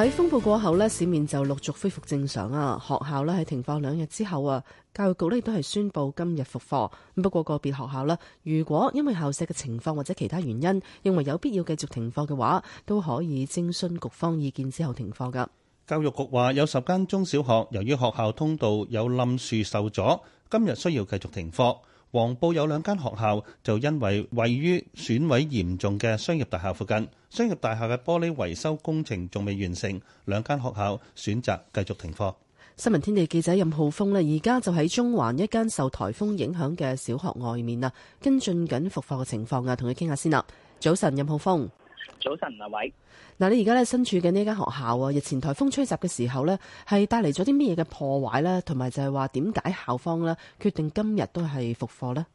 喺風暴過後呢，市面就陸續恢復正常啊。學校呢，喺停課兩日之後啊，教育局呢亦都係宣布今日復課。不過個別學校呢，如果因為校舍嘅情況或者其他原因，認為有必要繼續停課嘅話，都可以徵詢局方意見之後停課㗎。教育局話有十間中小學由於學校通道有冧樹受阻，今日需要繼續停課。黃埔有兩間學校，就因為位於損毀嚴重嘅商業大廈附近，商業大廈嘅玻璃維修工程仲未完成，兩間學校選擇繼續停課。新聞天地記者任浩鋒呢，而家就喺中環一間受台風影響嘅小學外面啊，跟進緊復課嘅情況啊，同佢傾下先啦。早晨，任浩鋒。早晨，阿偉。嗱，你而家咧身處緊呢間學校啊，日前台風吹襲嘅時候咧，係帶嚟咗啲咩嘢嘅破壞咧，同埋就係話點解校方咧決定今日都係復課咧？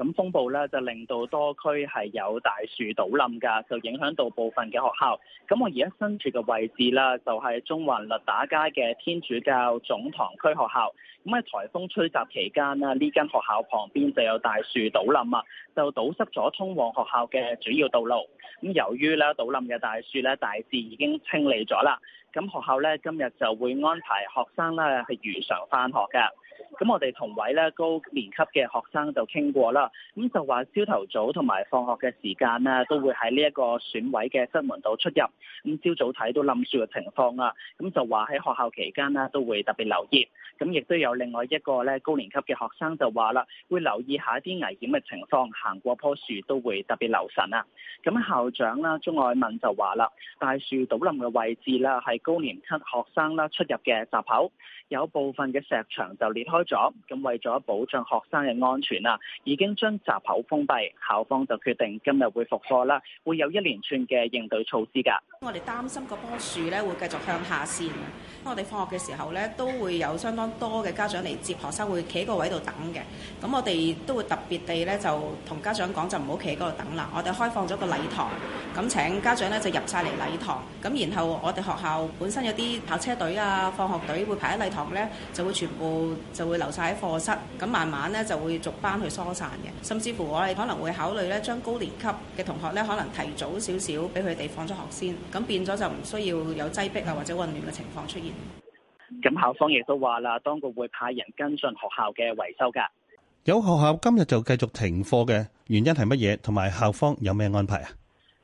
咁風暴咧就令到多區係有大樹倒冧㗎，就影響到部分嘅學校。咁我而家身處嘅位置啦，就係中環律打街嘅天主教總堂區學校。咁喺颱風吹襲期間呢，呢間學校旁邊就有大樹倒冧啊，就堵塞咗通往學校嘅主要道路。咁由於咧倒冧嘅大樹咧大致已經清理咗啦，咁學校咧今日就會安排學生咧係如常返學嘅。咁我哋同位咧高年級嘅學生就傾過啦，咁就話朝頭早同埋放學嘅時間咧，都會喺呢一個選位嘅側門度出入。咁朝早睇到冧樹嘅情況啊，咁就話喺學校期間咧都會特別留意。咁亦都有另外一個咧高年級嘅學生就話啦，會留意一下一啲危險嘅情況，行過棵樹都會特別留神啊。咁校長啦鍾愛文就話啦，大樹倒冧嘅位置啦係高年級學生啦出入嘅閘口，有部分嘅石牆就裂開。咗咁，為咗保障學生嘅安全啊，已經將閘口封閉，校方就決定今日會復課啦，會有一連串嘅應對措施噶。我哋擔心嗰棵樹咧會繼續向下線，我哋放學嘅時候咧都會有相當多嘅家長嚟接學生，會企喺個位度等嘅。咁我哋都會特別地咧就同家長講，就唔好企喺嗰度等啦。我哋開放咗個禮堂，咁請家長咧就入晒嚟禮堂。咁然後我哋學校本身有啲跑車隊啊、放學隊會排喺禮堂咧，就會全部就。會留晒喺課室，咁慢慢咧就會逐班去疏散嘅，甚至乎我哋可能會考慮咧，將高年級嘅同學咧可能提早少少，俾佢哋放咗學先，咁變咗就唔需要有擠逼啊或者混亂嘅情況出現。咁校方亦都話啦，當局會派人跟進學校嘅維修㗎。有學校今日就繼續停課嘅原因係乜嘢？同埋校方有咩安排啊？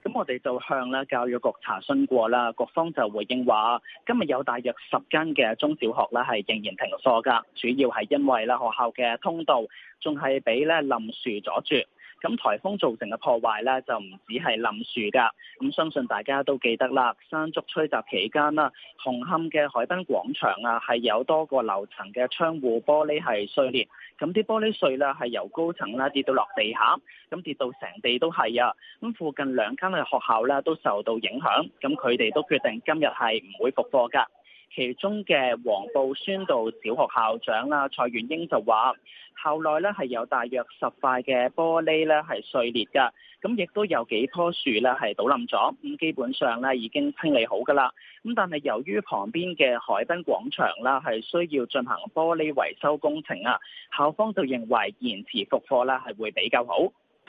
咁我哋就向啦教育局查詢過啦，各方就回應話，今日有大約十間嘅中小學咧係仍然停課噶，主要係因為咧學校嘅通道仲係俾咧冧樹阻住。咁颱風造成嘅破壞咧，就唔止係冧樹噶。咁相信大家都記得啦，山竹吹襲期間啦，紅磡嘅海濱廣場啊，係有多個樓層嘅窗戶玻璃係碎裂。咁啲玻璃碎咧，係由高層咧跌到落地下，咁跌到成地都係啊。咁附近兩間嘅學校咧，都受到影響，咁佢哋都決定今日係唔會復課噶。其中嘅黃埔宣道小學校長啦，蔡元英就話校內咧係有大約十塊嘅玻璃咧係碎裂噶，咁亦都有幾棵樹咧係倒冧咗，咁基本上咧已經清理好噶啦，咁但係由於旁邊嘅海濱廣場啦係需要進行玻璃維修工程啊，校方就認為延遲復課咧係會比較好。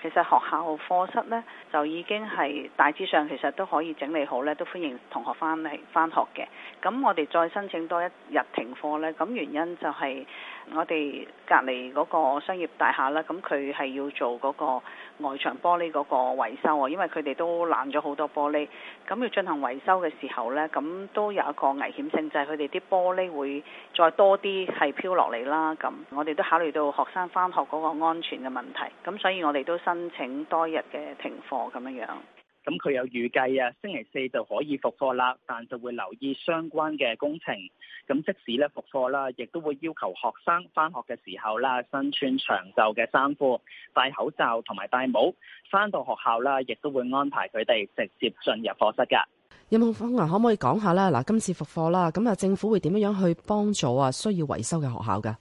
其實學校課室呢，就已經係大致上，其實都可以整理好咧，都歡迎同學翻嚟翻學嘅。咁我哋再申請多一日停課呢，咁原因就係我哋隔籬嗰個商業大廈啦，咁佢係要做嗰個，外牆玻璃嗰個維修啊，因為佢哋都爛咗好多玻璃，咁要進行維修嘅時候呢，咁都有一個危險性，就係佢哋啲玻璃會再多啲係飄落嚟啦。咁我哋都考慮到學生返學嗰個安全嘅問題，咁所以我哋都申請多日嘅停課咁樣樣。咁佢有預計啊，星期四就可以復課啦，但就會留意相關嘅工程。咁即使咧復課啦，亦都會要求學生翻學嘅時候啦，身穿長袖嘅衫褲、戴口罩同埋戴帽，翻到學校啦，亦都會安排佢哋直接進入課室。噶，任浩鋒啊，可唔可以講下咧？嗱，今次復課啦，咁啊，政府會點樣樣去幫助啊？需要維修嘅學校噶？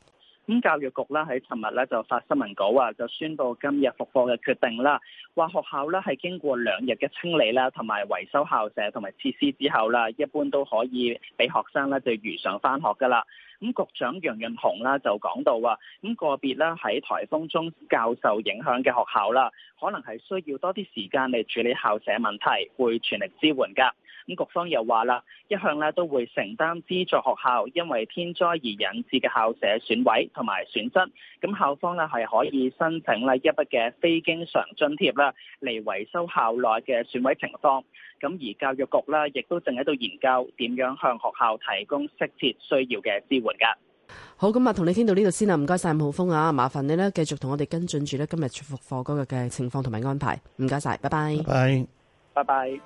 咁教育局咧喺尋日咧就發新聞稿啊，就宣佈今日復課嘅決定啦。話學校咧係經過兩日嘅清理啦，同埋維修校舍同埋設施之後啦，一般都可以俾學生咧就如常返學㗎喇。咁局長楊潤雄啦就講到話，咁個別啦喺颱風中較受影響嘅學校啦，可能係需要多啲時間嚟處理校舍問題，會全力支援噶。咁局方又話啦，一向呢都會承擔資助學校因為天災而引致嘅校舍損毀同埋損失，咁校方呢，係可以申請咧一筆嘅非經常津貼啦，嚟維修校內嘅損毀情況。咁而教育局啦，亦都正喺度研究點樣向學校提供適切需要嘅支援噶。好，咁啊，同你傾到呢度先啦。唔該晒，任浩鋒啊，麻煩你咧繼續同我哋跟進住咧今日出復課嗰日嘅情況同埋安排。唔該晒，拜拜。拜，拜拜。